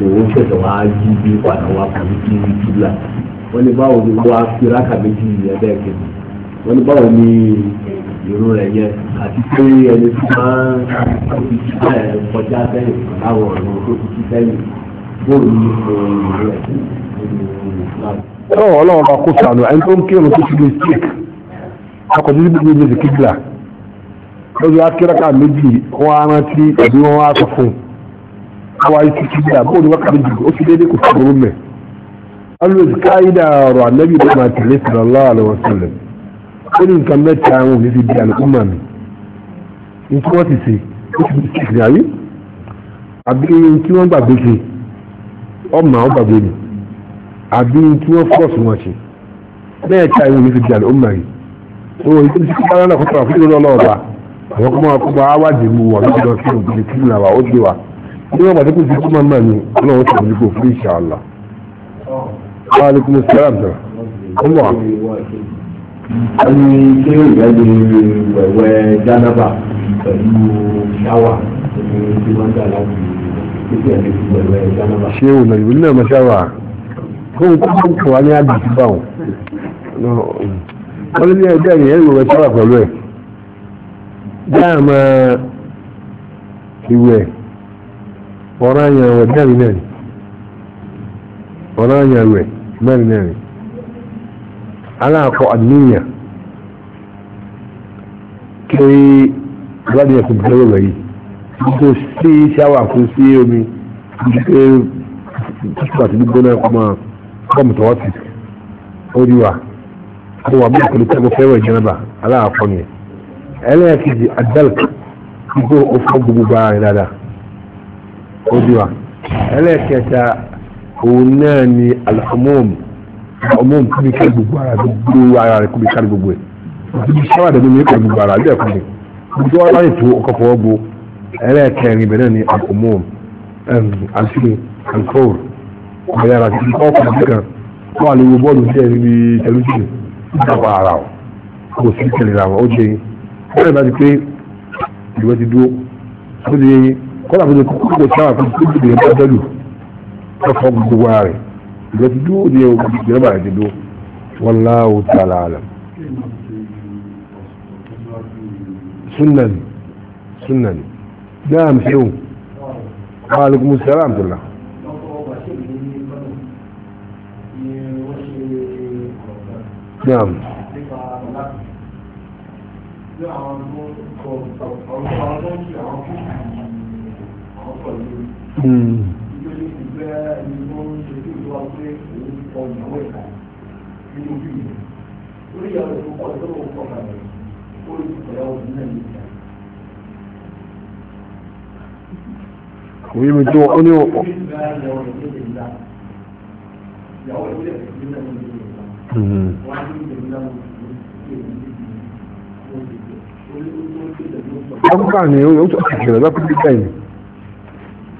òwò ṣẹ̀ṣẹ̀ wá jí bí padà wá kàbí kí ní kíbla wọ́n ní báwo ni wọ́n á fi rákà méjì yẹn bẹ́ẹ̀ kejì wọ́n ní báwo ni ìrun rẹ̀ yẹn àti pé ẹni tí máa ń fi kíkà ẹ̀ kọjá sẹ́yìn láwọn ọ̀rọ̀ tó fi kí sẹ́yìn bóòlù ní ìrun rẹ̀ ẹ̀rọ ọlọ́run bá kó sànù ẹni tó ń kírun tó ti lè stick akọ̀jú níbi ìgbésẹ̀ kíkìlà lọ́jọ́ akérèkà méjì wọ́n á rántí ẹ̀bí wọ́n á sọ fún un hawa yake kibla ko ne maka bin o su daidai ku saburin mai always ka'ida wa annabi da ma tare sallallahu alaihi wasallam irin kan na tamu ne bi al'umma ne in ko wata ce ko su ci yayi àbí in tí wọ́n gbàgbé ṣe ọmọ àwọn gbàgbé ni àbí in tí wọ́n fọ́ọ̀sì wọn ṣe bẹ́ẹ̀ ká ìwé ní fi di al'umma yìí so ìdí tí kí kára náà kó tọrọ fún ìlú ọlọ́ọ̀ba àwọn kọ́mọ́ kọ́mọ́ awádìí mu wọ̀ lójú lọ sí òbí tí ìlú àwa ó gbé wa ní wọ́n bàtí kò sí kúmọ̀ náà ni ọlọ́run ti bójú kò fún ìṣẹ́ àlá aláàlékún sẹ́ràn náà ó wà. a ní ṣé ìyá lè wẹ̀wẹ̀ jánábà pẹ̀lú ṣáwà ní tí wọ́n dà láti títí ẹ̀ lè fi wẹ̀wẹ̀ jánábà. ṣé o nà ìwé náà mọ̀ṣáwà kó o kó o wà ní àdìsí báwọn wọ́n lé ní ẹgbẹ́ ẹ̀yìn ẹ̀rù wẹ̀ ṣáwà pẹ̀lú ẹ̀ dáàmà ìwẹ̀ ọ̀rọ̀ àyàn rẹ̀ mẹ́rin náà ni ọ̀rọ̀ àyàn rẹ̀ mẹ́rin náà ni aláàkọ àníyàn kí ìwádìí ẹ̀kọ́ bẹ̀rẹ̀ rẹ̀ yìí tó sí ṣáwà kó sí omi pé kíkọ́ àti gbígbóná ẹ̀kọ́ máa kọ́ mọ̀tọ́ wá sí ó rí wa kó wà bí ìpínlẹ̀ tí a fẹ́ wẹ̀ jẹ́nàbà aláàkọ ni adalk gbogbo ọ̀fọ̀ gbogbo bá rẹ̀ dáadáa ojúwa ẹlẹ́ẹ̀kẹta òun náà ni alhamom alhamom kúbi kárí gbogbo ara gbogbo ara rẹ kúbi kárí gbogbo ẹ ibi sábà dẹbi mi kọ gbogbo ara lẹ́ẹ̀kọ́ mi gbogbo ara yìí tó ọkọ̀ fọwọ́ gbo ẹlẹ́ẹ̀kẹrin bẹ̀rẹ̀ ni alhamom àti alkohol ọ̀yà rà sí ọkọ̀ nìkan wọ́n á lè wo bọ́ọ̀lù sí ẹni bí tẹlifíṣìn nípa ara ọ̀ kò sí tẹ̀lé ra wọn ó jẹ́ yín wọ́n rẹ̀ bá ti pé ìwé ti dúró ó ti yẹ yín kọ́lá fi lè kó kúrò sáwà fún kí ìdílé bá dẹ́lù lọ́fọ́ gbogbo wa rẹ̀ ìgbà tí dúró ní ewu gbogbo ìjọba rẹ̀ ti dó wallahu ta'ala alam. sunnani sunnani dáhàm ṣéwù wa alaikum salaam tó la. dáhàm. Àwọn tó ń kọ ọ̀rọ̀ àwọn tó ń kí òye mi tó ó ní ọ̀pọ̀ akọ́kọ́ àníyàn yóò tó ọ̀kẹ́kẹ́ rẹ̀ lọ́pọ̀ nígbà yìí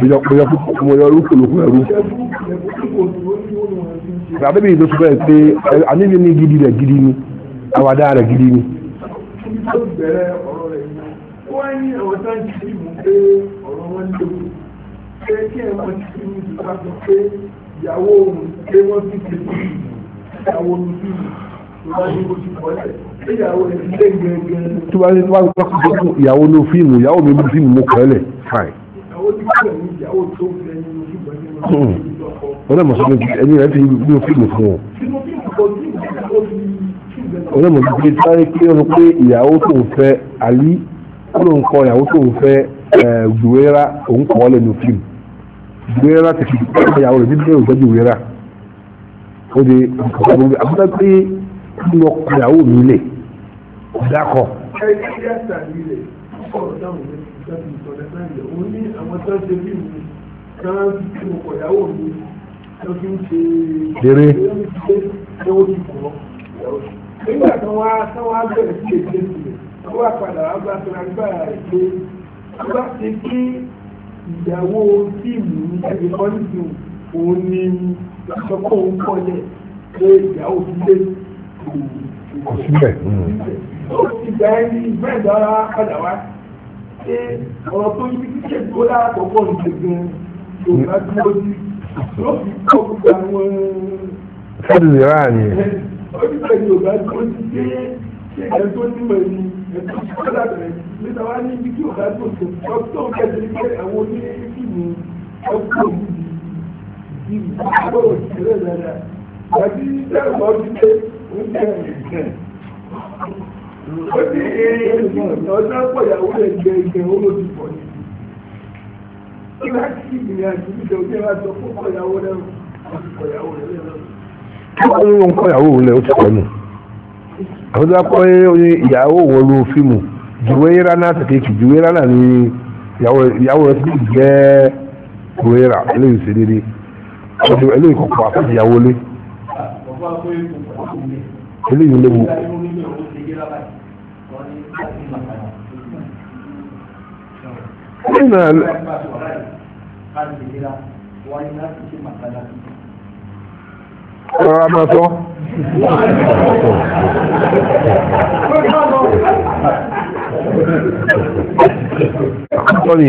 mo yọ rúkú lókun ẹrú àbẹ́bí ìlú sọ bẹ́ẹ̀ pé àníbi ní gidi rẹ̀ gidi ni àwàdà rẹ̀ gidi ni. ìyàwó òun pé wọ́n ti ṣe ìyàwó òun sí ìyàwó ìyàwó ló fíìmù ìyàwó mi ló fíìmù mo kọ́ ẹ lẹ̀ fine ọ̀nà mọ̀sọ́mọ́ ẹni rẹ̀ ti ní fíìmù fún ọ. ọ̀nà mọ̀sọ́mọ́ ti sáré o ọ̀nà pé ìyàwó tó ń fẹ́ àlí ọ̀nà ń kọ ìyàwó tó ń fẹ́ gbùwẹ́rà òun kọ́ lẹ́nu fíìmù gbùwẹ́rà ti fi ìyàwó rẹ̀ nígbà òun gbẹ́jú wẹ́rà. ó de àbúrò pé kí wọ́n kọ ìyàwó mi lè dákọ̀. ẹ ẹ ẹ kọ̀rọ̀ dáhùn ní ìjọba ìtọ́lẹ̀ náà òun ní àwọn tó ṣe bí mi kan tí mo kọ̀ ìyàwó mi ló fi ń ṣe eré ṣé ti kọ̀ ọ́ nígbà tí wọ́n á tán wá bẹ̀rẹ̀ sí èdè ìpìlẹ̀ wọ́n wá padà wá bá tẹ̀lé agbára rẹ̀ pé bá kí ìyàwó tíìmù ẹ̀mí kọ́lìdì òun ni ìsọkọ̀ òun kọ́ yẹ pé ìyàwó ti lé kò síbẹ̀. ó ti bẹ̀ẹ́ ní ìgbẹ́ ìdára padà wá ṣe ọ̀rọ̀ tó yí kí ṣe tó dára tó pọ̀ ní gbogbo yorùbá dúró sí ló fi kọ́ gbogbo àwọn. fẹ́ẹ̀dì rà ní. oníṣẹ́ yorùbá dúró sí pé ṣé ẹ̀ tó nímọ̀ ni ẹ̀ tó ṣe kọ́lá rẹ̀ níta wá ní ibi tí yorùbá tó tó lọ tó ń kẹ́sì ní pé àwọn onífìmù ọkọ̀ yìí ìgbàgbọ́ òṣèré dáadáa tàbí dẹ́rù mọ́ ti dé oúnjẹ rẹ̀ ọjọ́ pọ̀yàwó lè gbẹ ìgbẹ̀ ní láti ìgbìyànjú rẹ̀ ó ti pọ̀ àwọn tó bá kọ́ ìyàwó fíìmù náà tètè kì náà ní ìyàwó rẹ̀ jẹ́ eléyìí dédé eléyìí kọ̀ọ̀kan lé eléyìí léwu. ina ọ̀rọ̀ máa sọ sọ́ni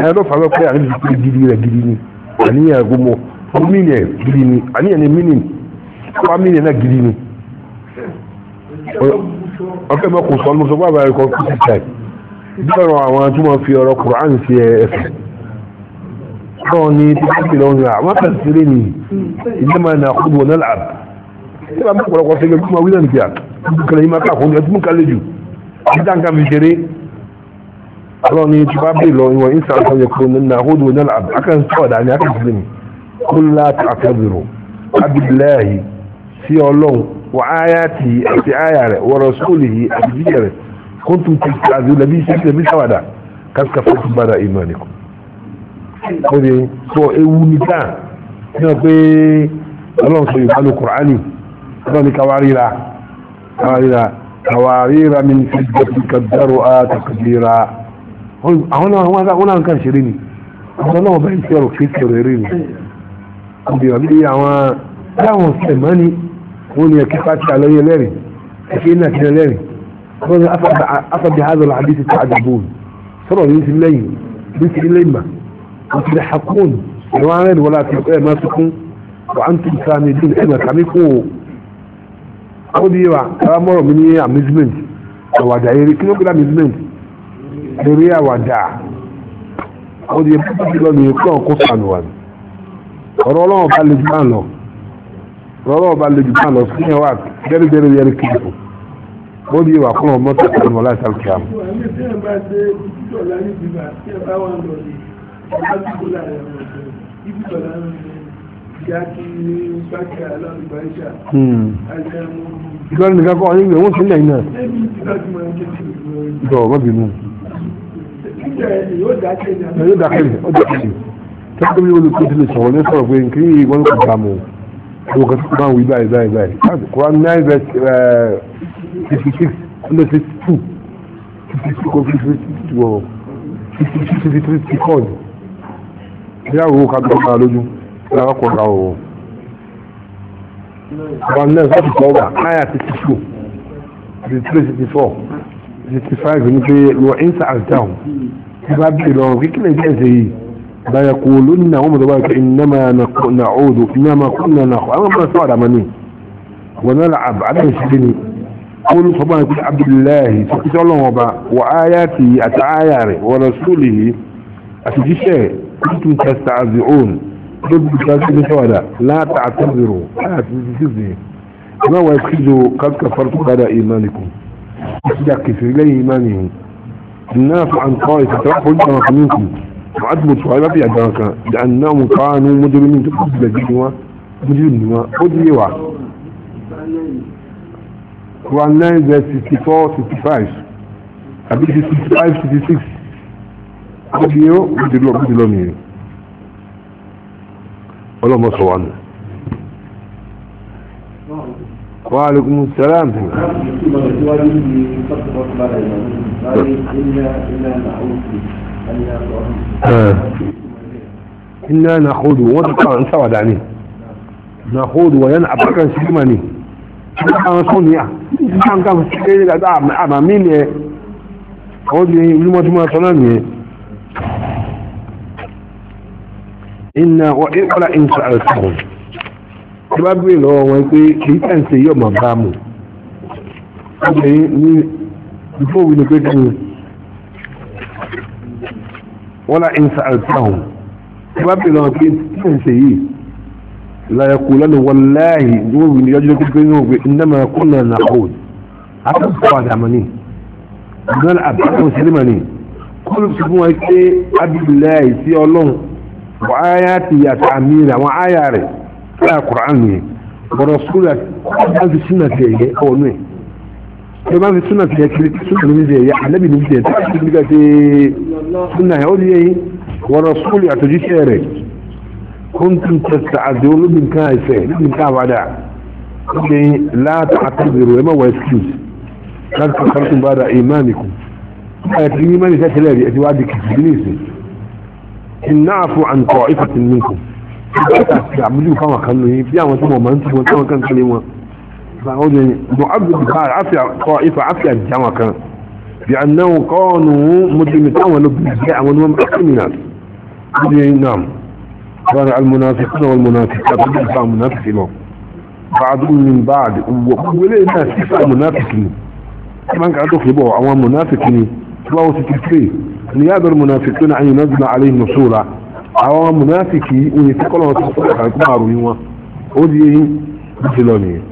ẹ̀rọ ló fàá pé àrídì pé gidi rẹ̀ gidi ni àníyàn gbogbo mílíọ̀n gidi ni àníyàn ni mílíọ̀n wá mílíọ̀n náà gidi ni ọkẹ́ mọ́ kò sọ ló sọ pé àbáyé kan kú sí tẹ̀ bí ọ̀rọ̀ àwọn tó máa fi ọ̀rọ̀ Quran sí ẹ̀fẹ̀ kọ́ ni tí wọ́n fi lọ́wọ́ rà wọ́n fẹ̀ sílé ni ilé máa nà kúrò wọn náà àbí tí wọ́n bá pọ̀lọpọ̀ sí ẹgbẹ́ máa wílẹ̀ nìkíyà kẹlẹ̀ yìí máa ká fún ẹtú kálẹ̀ jù títà nǹkan fi ṣeré kọ́ ni tí wọ́n bèèrè lọ ìwọ̀n ìsàn yẹ kúrò nà kúrò wọn náà àbí sọ̀ dà ní akẹ́ sílé ni kó láti àfẹ́ sí ọlọ́run وآياته أتي آياته ورسوله أبديره كنتم تستعذوا نبي سيدنا من حوادا كسك فتن بنا إيمانكم قولي سوء اونتا نقول الله سيد قالوا قرآني قرآني كواريرا كواريرا كواريرا من فجة كدروا تقديرا هنا هنا هنا كان شريني هنا هو بين سيارو في سيارو يريني قولي ربي يا ما لا هو سيماني wọ́n ní ẹ̀kí pàtàkì àlọ́yẹ lẹ́rìn ẹ̀kí iná kí lẹ́rìn wọ́n ní afọ́bí hazard àdìsí tó àdàbòun sọ̀rọ̀ yìí ti lẹ́yìn bí ti ilé ìmà wọ́n ti hakun ìwọ́n arẹ́rìn wọ́n láti ẹ̀ máa sunkún wọ́n á ń tún sáà ní ìdílé ẹ̀mà kàmí kó o. ó di wa ara mọ́rọ̀ mi ní amusement àwàdà eré kí ló gbé amusement eré àwàdà ó di ẹ̀kọ́ ti lọ nìyẹn kó ọ̀kọ́ sànù wa ọ̀rọ̀ ọlọ́run bá lè gbá lọ rọ́rọ́ ọba lè jùlọ lọ sí ẹwà very very very careful ó di ìwà fún ọmọ tàbí ọmọ láti àlùkí àmì. ìgbọ́n nìkan kọ́ ọyún ìwé wọ́n sí ilẹ̀ náà. ìgbọ̀ ọ̀gbọ́n bínú. yóò dákẹ́ ni ó dákẹ́ ni tẹ́lifíwọ́n olùkọ́ ti lè sọ̀rọ̀ ní sọ̀rọ̀ pé nkiri ìwọ́n kò bá mu àwọn kan tó máa ń wí báyìí báyìí báyìí Quran nine verse eh, fifty six hundred sixty two fifty six or fifty six or fifty six fifty three fifty four ni bí àwọn òkà tó máa lójú lára kọ̀ ọ̀gá ọ̀rọ̀ Quran nine verse fifty four ayah sixty two fifty three fifty four fifty five ní pé wọ́n ń sàádáhùn bí bá bèèrè ọ̀rọ̀ kékeré bí yìí. لا يقولن هم ذلك إنما نعود إنما كنا نخوض أما ما سؤال أماني ونلعب على الشبني قول صبانة عبد الله سكت الله وبا وآياته أتعايره ورسوله أتجيشه كنتم تستعزعون ضد كاسم سوالا لا تعتذروا لا تجيزي ما ويسكزوا قد كفرتم على إيمانكم إذا كفر إليه إيمانهم الناس عن طائفة رحبوا منكم وعدم سؤالات يا جانكا لأنهم كانوا مجرمين تقبل جنوا مجرمين أدريوا Quran 9 verse 64 65 àbí 65 66 أدريوا مجرمين مجرمين اللهم صل على وعليكم السلام ورحمة الله وبركاته إنا نخوض وطبعا سوى دعني نخوض وينعب كان سلمني كان سوني كان كان سكيني قد أعمى مين قول لي لما تما صنعني إنا وإقرأ إن سألتهم سبب لو ويقول كي تنسي يوم أبامو Okay, before we look at wọ́lá ìsà àtàhùn bá bèèrè wọn pé tí wọ́n ṣe yìí láyẹ̀kú lẹ́nu wọn láàyè wọ́n wù ní ọjọ́ pípé ní òwe ìnáma kúnlẹ̀ náà òd àtàkùn àdàmọ́ni ìgbọ́n àbákùn sílẹ̀mọ́ni kọ́lù sọ fún wọn pé abiláyè sí ọlọ́run wọ́n áyá ti yàtọ̀ àmì rẹ̀ àwọn áyá rẹ̀ tí a kọ̀ án nìyẹn bọ̀rọ̀ sùúrà bá fi súnà sí ẹ̀yẹ ọ̀nù ẹ̀ bá fi súnà sí ẹ̀yẹ kiri súnà ní náà ó lé wọ́rọ̀ sóòlì àtòjíṣẹ́ rẹ̀ kúntùn tẹ̀sà àti olóbìnká ẹ̀sẹ̀ nígbìnká àbádà ní láti àtàzìrò ẹmọ́ wà excuse láti kọ̀kọ́rọ̀tún bá da ìmánikù ẹ̀tì ní mẹ́rin tẹ́tẹ́lẹ̀ rí ẹ̀tì wádìí kìtìbílìsì ìnáàfù àǹkọ̀ ìfàtí nìkù láti àbújú fáwọn kan lóyìn bí àwọn tí wọ́n máa ń tí wọ́n tí wọ́n kàn kálé بأنه كانوا مجرمين ولبنجاء ونهم أكمنا نعم كان المنافقون والمنافقات بدأ منافقين بعضهم من بعد وقولي الناس كيف منافقين كمان قعدوا يبقوا عوام منافقين سلاو ستفري نيابة المنافقين عن ينزل عليه نصورة عوام منافقين ويتقلوا تصدق على كمارو يوا وديه إيه؟ بسلونيه